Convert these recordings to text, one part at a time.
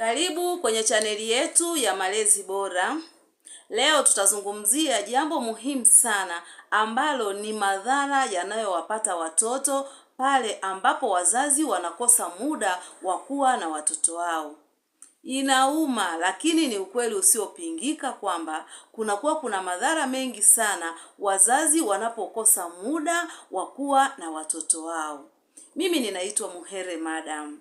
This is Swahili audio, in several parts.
Karibu kwenye chaneli yetu ya Malezi Bora. Leo tutazungumzia jambo muhimu sana ambalo ni madhara yanayowapata watoto pale ambapo wazazi wanakosa muda wa kuwa na watoto wao. Inauma, lakini ni ukweli usiopingika kwamba kunakuwa kuna madhara mengi sana wazazi wanapokosa muda wa kuwa na watoto wao. Mimi ninaitwa Muhere Madam.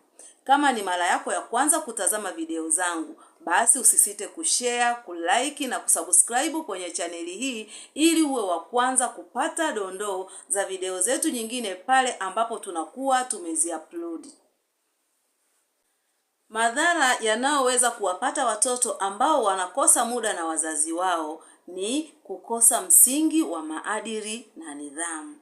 Kama ni mara yako ya kwanza kutazama video zangu, basi usisite kushare, kulike na kusubscribe kwenye chaneli hii ili uwe wa kwanza kupata dondoo za video zetu nyingine pale ambapo tunakuwa tumeziupload. Madhara yanayoweza kuwapata watoto ambao wanakosa muda na wazazi wao ni kukosa msingi wa maadili na nidhamu.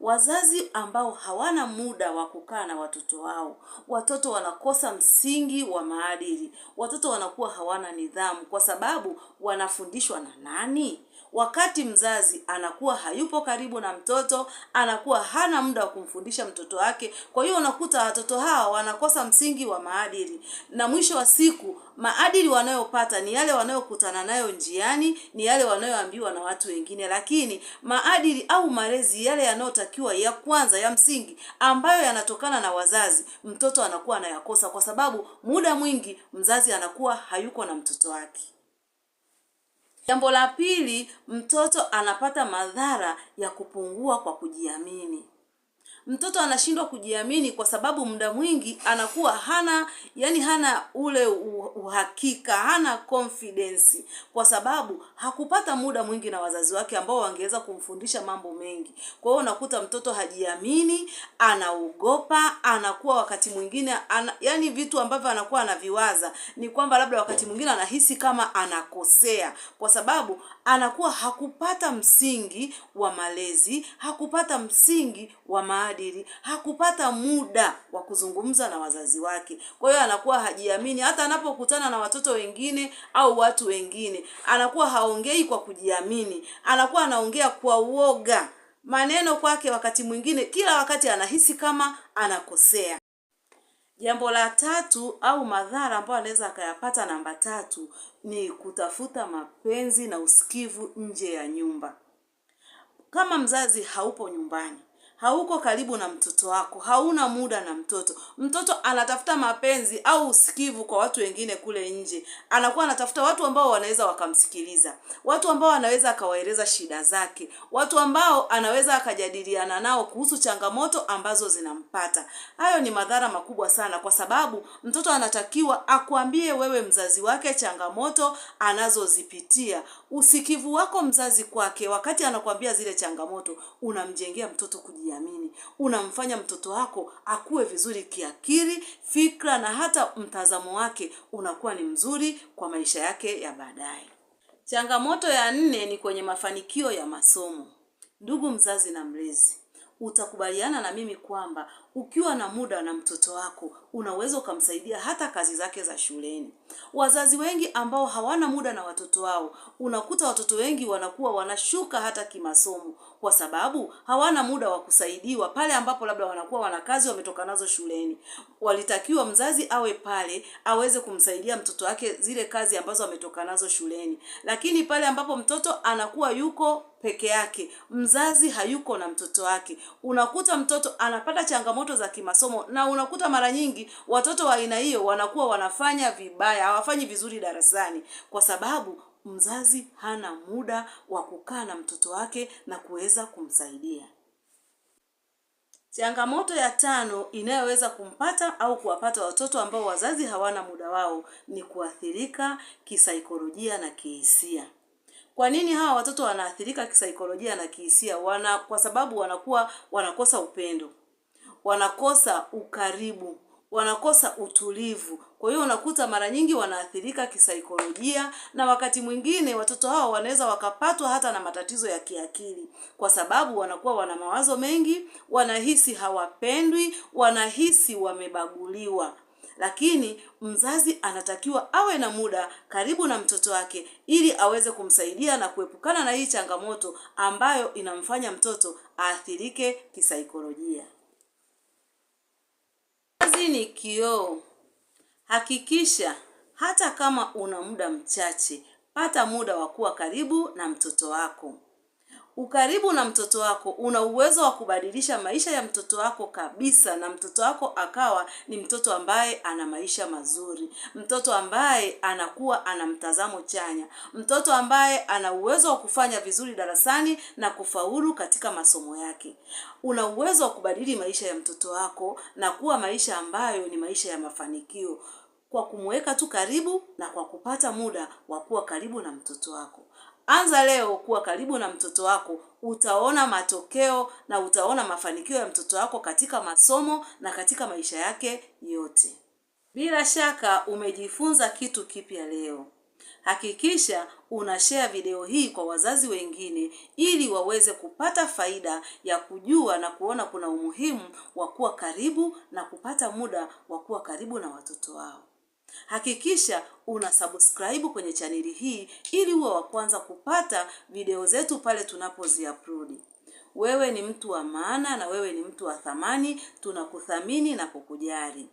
Wazazi ambao hawana muda wa kukaa na watoto wao, watoto wanakosa msingi wa maadili, watoto wanakuwa hawana nidhamu, kwa sababu wanafundishwa na nani? wakati mzazi anakuwa hayupo karibu na mtoto, anakuwa hana muda wa kumfundisha mtoto wake. Kwa hiyo unakuta watoto hawa wanakosa msingi wa maadili, na mwisho wa siku maadili wanayopata ni yale wanayokutana nayo njiani, ni yale wanayoambiwa na watu wengine. Lakini maadili au malezi yale yanayotakiwa ya kwanza ya msingi, ambayo yanatokana na wazazi, mtoto anakuwa anayakosa, kwa sababu muda mwingi mzazi anakuwa hayuko na mtoto wake. Jambo la pili, mtoto anapata madhara ya kupungua kwa kujiamini mtoto anashindwa kujiamini kwa sababu muda mwingi anakuwa hana yani hana ule uhakika hana confidence kwa sababu hakupata muda mwingi na wazazi wake ambao wangeweza kumfundisha mambo mengi kwa hiyo unakuta mtoto hajiamini anaogopa anakuwa wakati mwingine ana, yani vitu ambavyo anakuwa anaviwaza ni kwamba labda wakati mwingine anahisi kama anakosea kwa sababu anakuwa hakupata msingi wa malezi hakupata msingi wa maadili maadili hakupata muda wa kuzungumza na wazazi wake. Kwa hiyo anakuwa hajiamini, hata anapokutana na watoto wengine au watu wengine anakuwa haongei kwa kujiamini, anakuwa anaongea kwa uoga. Maneno kwake wakati mwingine, kila wakati anahisi kama anakosea. Jambo la tatu au madhara ambayo anaweza akayapata, namba tatu, ni kutafuta mapenzi na usikivu nje ya nyumba. Kama mzazi haupo nyumbani, hauko karibu na mtoto wako, hauna muda na mtoto. Mtoto anatafuta mapenzi au usikivu kwa watu wengine kule nje, anakuwa anatafuta watu ambao wanaweza wakamsikiliza, watu ambao anaweza akawaeleza shida zake, watu ambao anaweza akajadiliana nao kuhusu changamoto ambazo zinampata. Hayo ni madhara makubwa sana, kwa sababu mtoto anatakiwa akuambie wewe mzazi wake changamoto anazozipitia. Usikivu wako mzazi kwake, wakati anakuambia zile changamoto, unamjengea mtoto kujia kujiamini, unamfanya mtoto wako akue vizuri kiakili, fikra na hata mtazamo wake unakuwa ni mzuri kwa maisha yake ya baadaye. Changamoto ya nne ni kwenye mafanikio ya masomo. Ndugu mzazi na mlezi, utakubaliana na mimi kwamba ukiwa na muda na mtoto wako unaweza ukamsaidia hata kazi zake za shuleni. Wazazi wengi ambao hawana muda na watoto wao, unakuta watoto wengi wanakuwa wanashuka hata kimasomo, kwa sababu hawana muda wa kusaidiwa pale ambapo labda wanakuwa wana kazi wametoka nazo shuleni. Walitakiwa mzazi awe pale aweze kumsaidia mtoto wake zile kazi ambazo ametoka nazo shuleni, lakini pale ambapo mtoto anakuwa yuko peke yake, mzazi hayuko na mtoto wake, unakuta mtoto anapata changamoto changamoto za kimasomo, na unakuta mara nyingi watoto wa aina hiyo wanakuwa wanafanya vibaya, hawafanyi vizuri darasani kwa sababu mzazi hana muda wa kukaa na mtoto wake na kuweza kumsaidia. Changamoto ya tano inayoweza kumpata au kuwapata watoto ambao wazazi hawana muda wao ni kuathirika kisaikolojia na kihisia. Kwa nini hawa watoto wanaathirika kisaikolojia na kihisia? Wana kwa sababu wanakuwa wanakosa upendo wanakosa ukaribu, wanakosa utulivu. Kwa hiyo unakuta mara nyingi wanaathirika kisaikolojia, na wakati mwingine watoto hao wanaweza wakapatwa hata na matatizo ya kiakili, kwa sababu wanakuwa wana mawazo mengi, wanahisi hawapendwi, wanahisi wamebaguliwa. Lakini mzazi anatakiwa awe na muda karibu na mtoto wake ili aweze kumsaidia na kuepukana na hii changamoto ambayo inamfanya mtoto aathirike kisaikolojia. Gari ni kioo. Hakikisha hata kama una muda mchache, pata muda wa kuwa karibu na mtoto wako. Ukaribu na mtoto wako una uwezo wa kubadilisha maisha ya mtoto wako kabisa, na mtoto wako akawa ni mtoto ambaye ana maisha mazuri, mtoto ambaye anakuwa ana mtazamo chanya, mtoto ambaye ana uwezo wa kufanya vizuri darasani na kufaulu katika masomo yake. Una uwezo wa kubadili maisha ya mtoto wako na kuwa maisha ambayo ni maisha ya mafanikio, kwa kumweka tu karibu na kwa kupata muda wa kuwa karibu na mtoto wako. Anza leo kuwa karibu na mtoto wako, utaona matokeo na utaona mafanikio ya mtoto wako katika masomo na katika maisha yake yote. Bila shaka umejifunza kitu kipya leo. Hakikisha unashare video hii kwa wazazi wengine ili waweze kupata faida ya kujua na kuona kuna umuhimu wa kuwa karibu na kupata muda wa kuwa karibu na watoto wao. Hakikisha una subscribe kwenye chaneli hii ili uwe wa kwanza kupata video zetu pale tunapoziupload. Wewe ni mtu wa maana na wewe ni mtu wa thamani, tunakuthamini na kukujali.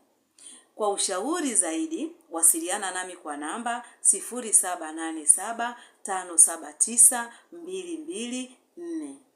Kwa ushauri zaidi, wasiliana nami kwa namba 0787579224.